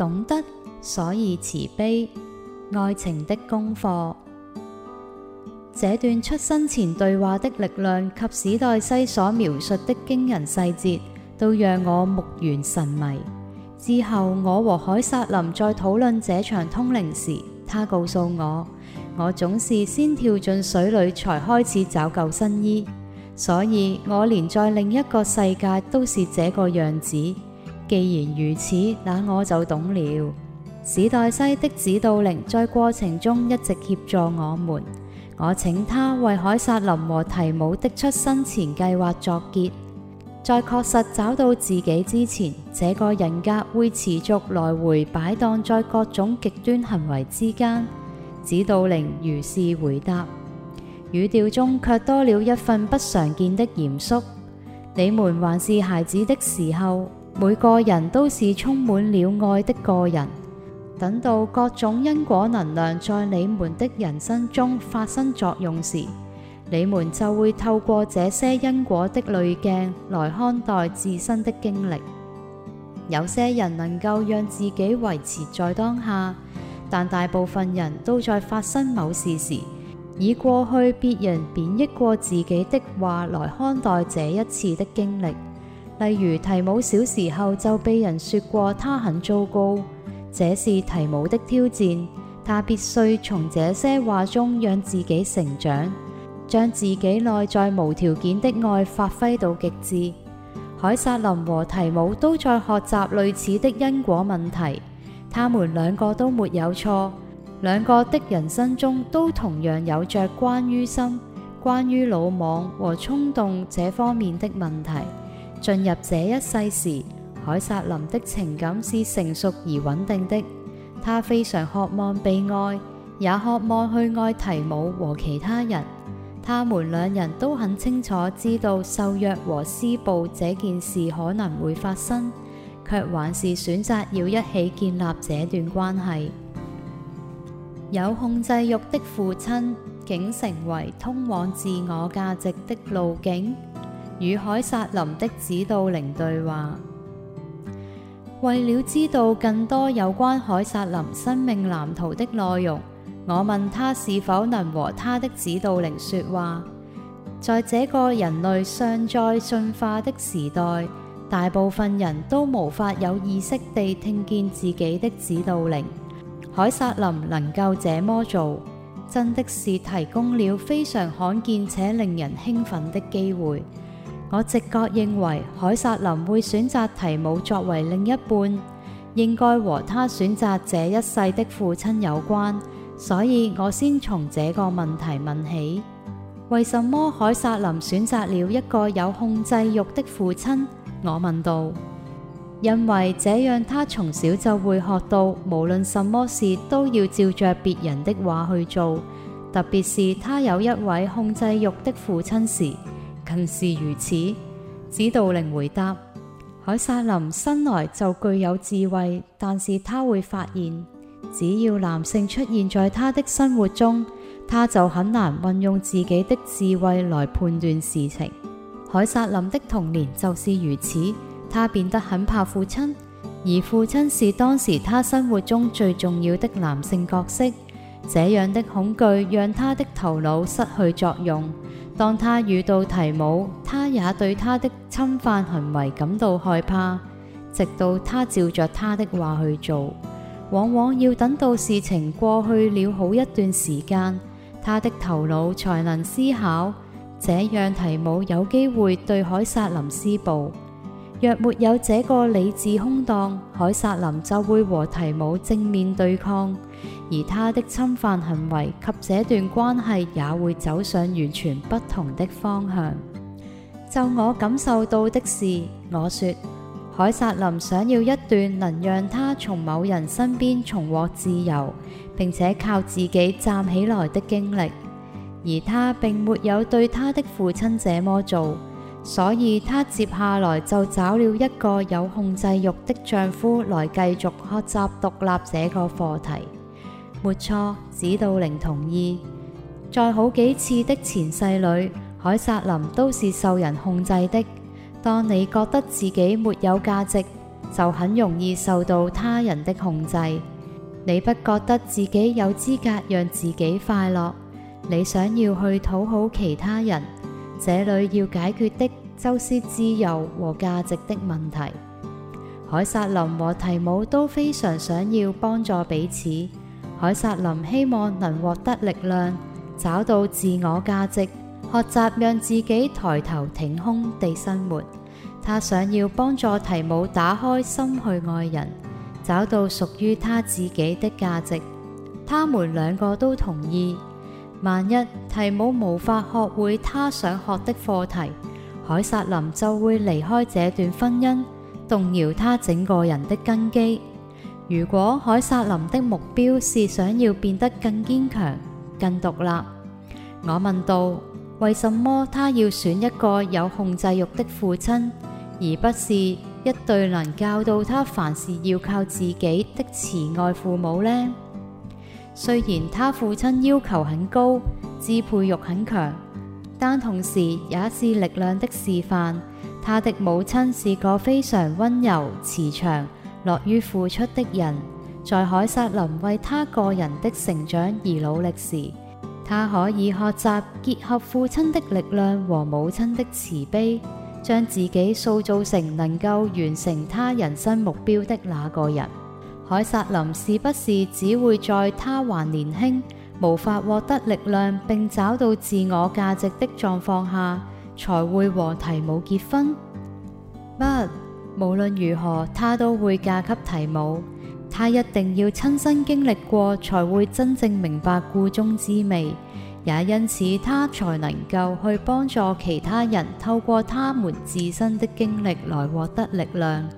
懂得，所以慈悲。愛情的功課。這段出生前對話的力量及史黛西所描述的驚人細節都讓我目眩神迷。之後，我和凱薩琳在討論這場通靈時，他告訴我，我總是先跳進水裏才開始找救生衣。所以，我連在另一個世界都是這個樣子。既然如此，那我就懂了。史黛西的指導靈在過程中一直協助我們。我請他為凱薩琳和提姆的出生前計劃作結，在確實找到自己之前，這個人格會持續來回擺盪在各種極端行為之間。指導靈如是回答，語調中卻多了一份不常見的嚴肅。你們還是孩子的時候。每個人都是充滿了愛的個人。等到各種因果能量在你們的人生中發生作用時，你們就會透過這些因果的濾鏡來看待自身的經歷。有些人能夠讓自己維持在當下，但大部分人都在發生某事時，以過去別人貶抑過自己的話來看待這一次的經歷。例如提姆小時候就被人說過他很糟糕，這是提姆的挑戰。他必須從這些話中讓自己成長，將自己內在無條件的愛發揮到極致。凱薩琳和提姆都在學習類似的因果問題，他們兩個都沒有錯，兩個的人生中都同樣有着關於心、關於魯莽和衝動這方面的問題。進入這一世時，凱撒琳的情感是成熟而穩定的。他非常渴望被愛，也渴望去愛提姆和其他人。他們兩人都很清楚知道受虐和施暴這件事可能會發生，卻還是選擇要一起建立這段關係。有控制欲的父親竟成為通往自我價值的路徑。與凱薩琳的指導靈對話，為了知道更多有關凱薩琳生命藍圖的內容，我問他是否能和他的指導靈說話。在這個人類尚在進化的時代，大部分人都無法有意識地聽見自己的指導靈。凱薩琳能夠這麼做，真的是提供了非常罕見且令人興奮的機會。我直覺認為凱薩琳會選擇提姆作為另一半，應該和他選擇這一世的父親有關，所以我先從這個問題問起：為什麼凱薩琳選擇了一個有控制欲的父親？我問道。因為這樣他從小就會學到，無論什麼事都要照着別人的話去做，特別是他有一位控制欲的父親時。近是如此，指導靈回答：凱撒琳生來就具有智慧，但是他會發現，只要男性出現在他的生活中，他就很難運用自己的智慧來判斷事情。凱撒琳的童年就是如此，他變得很怕父親，而父親是當時他生活中最重要的男性角色。這樣的恐懼讓他的頭腦失去作用。當他遇到提姆，他也對他的侵犯行為感到害怕。直到他照着他的話去做，往往要等到事情過去了好一段時間，他的頭腦才能思考，這樣提姆有機會對凱薩琳施暴。若沒有這個理智空檔，凱薩琳就會和提姆正面對抗，而他的侵犯行為及這段關係也會走上完全不同的方向。就我感受到的是，我說凱薩琳想要一段能讓他從某人身邊重獲自由，並且靠自己站起來的經歷，而他並沒有對他的父親這麼做。所以，她接下來就找了一個有控制欲的丈夫來繼續學習獨立這個課題。沒錯，指導靈同意。在好幾次的前世裏，凱薩琳都是受人控制的。當你覺得自己沒有價值，就很容易受到他人的控制。你不覺得自己有資格讓自己快樂？你想要去討好其他人？這裏要解決的就是自由和價值的問題。凱撒琳和提姆都非常想要幫助彼此。凱撒琳希望能獲得力量，找到自我價值，學習讓自己抬頭挺胸地生活。他想要幫助提姆打開心去愛人，找到屬於他自己的價值。他們兩個都同意。萬一提姆無法學會他想學的課題，凱薩琳就會離開這段婚姻，動搖他整個人的根基。如果凱薩琳的目標是想要變得更堅強、更獨立，我問道：為什麼他要選一個有控制欲的父親，而不是一對能教導他凡事要靠自己的慈愛父母呢？雖然他父親要求很高、支配欲很強，但同時也是力量的示範。他的母親是個非常温柔、慈祥、樂於付出的人。在凱薩琳為他個人的成長而努力時，他可以學習結合父親的力量和母親的慈悲，將自己塑造成能夠完成他人生目標的那個人。凱撒林是不是只會在他還年輕、無法獲得力量並找到自我價值的狀況下，才會和提姆結婚？不，無論如何，他都會嫁給提姆。他一定要親身經歷過，才會真正明白箇中滋味，也因此他才能夠去幫助其他人，透過他們自身的經歷來獲得力量。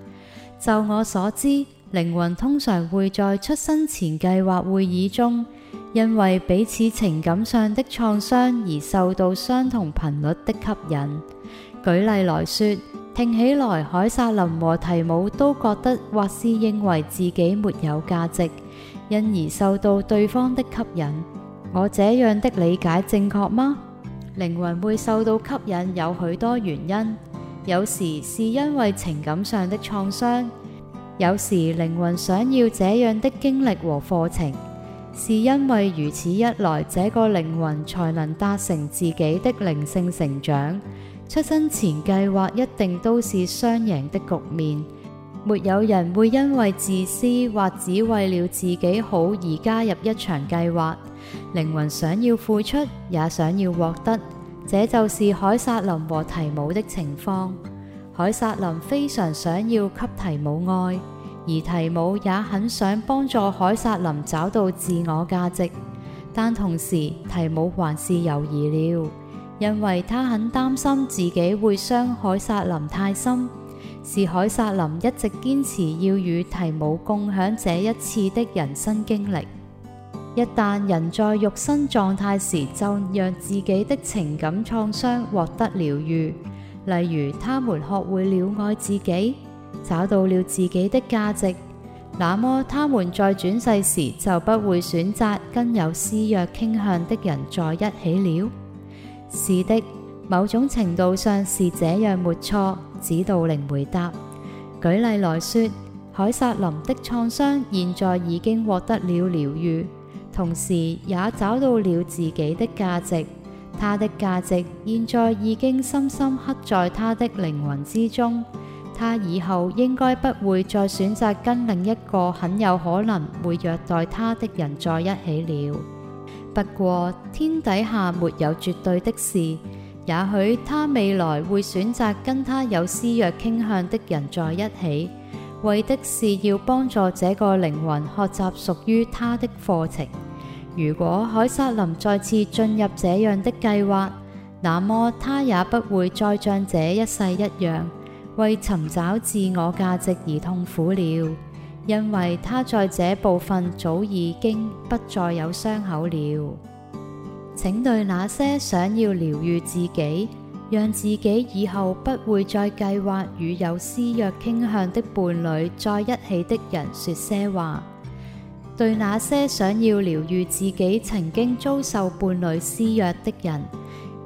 就我所知。靈魂通常會在出生前計劃會議中，因為彼此情感上的創傷而受到相同頻率的吸引。舉例來說，聽起來凱薩琳和提姆都覺得或是認為自己沒有價值，因而受到對方的吸引。我這樣的理解正確嗎？靈魂會受到吸引有許多原因，有時是因為情感上的創傷。有時靈魂想要這樣的經歷和課程，是因為如此一來，這個靈魂才能達成自己的靈性成長。出生前計劃一定都是雙贏的局面，沒有人會因為自私或只為了自己好而加入一場計劃。靈魂想要付出，也想要獲得，這就是凱撒林和提姆的情況。凱薩琳非常想要給提姆愛，而提姆也很想幫助凱薩琳找到自我價值，但同時提姆還是猶豫了，因為他很擔心自己會傷凱薩琳太深。是凱薩琳一直堅持要與提姆共享這一次的人生經歷。一旦人在肉身狀態時，就讓自己的情感創傷獲得療愈。例如，他們學會了愛自己，找到了自己的價值，那麼他們在轉世時就不會選擇跟有施虐傾向的人在一起了。是的，某種程度上是這樣，沒錯。指導靈回答。舉例來說，凱薩琳的創傷現在已經獲得了了療愈，同時也找到了自己的價值。他的價值現在已經深深刻在他的靈魂之中，他以後應該不會再選擇跟另一個很有可能會虐待他的人在一起了。不過，天底下沒有絕對的事，也許他未來會選擇跟他有施虐傾向的人在一起，為的是要幫助這個靈魂學習屬於他的課程。如果凱薩琳再次進入這樣的計劃，那麼他也不會再像這一世一樣為尋找自我價值而痛苦了，因為他在這部分早已經不再有傷口了。請對那些想要療愈自己、讓自己以後不會再計劃與有施虐傾向的伴侶在一起的人說些話。對那些想要療癒自己曾經遭受伴侶施虐的人，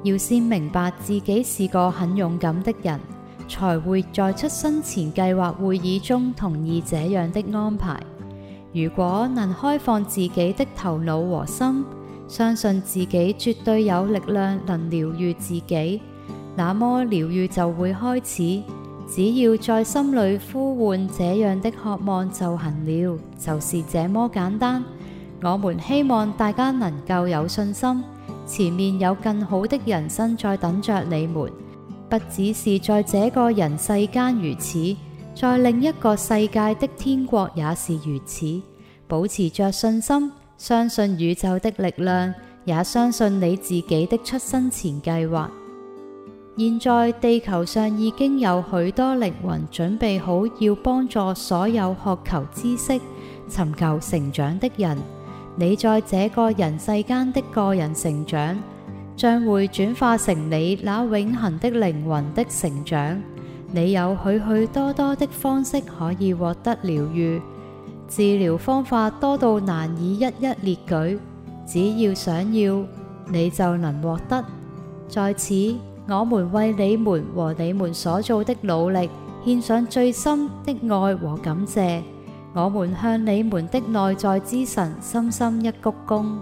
要先明白自己是個很勇敢的人，才會在出生前計劃會議中同意這樣的安排。如果能開放自己的頭腦和心，相信自己絕對有力量能療癒自己，那麼療癒就會開始。只要在心裏呼喚這樣的渴望就行了，就是這麼簡單。我們希望大家能夠有信心，前面有更好的人生在等着你們。不只是在這個人世間如此，在另一個世界的天國也是如此。保持着信心，相信宇宙的力量，也相信你自己的出生前計劃。現在地球上已經有許多靈魂準備好要幫助所有渴求知識、尋求成長的人。你在這個人世間的個人成長，將會轉化成你那永恆的靈魂的成長。你有許許多多的方式可以獲得療愈，治療方法多到難以一一列舉。只要想要，你就能獲得。在此。我們為你們和你們所做的努力，獻上最深的愛和感謝。我們向你們的內在之神深深一鞠躬。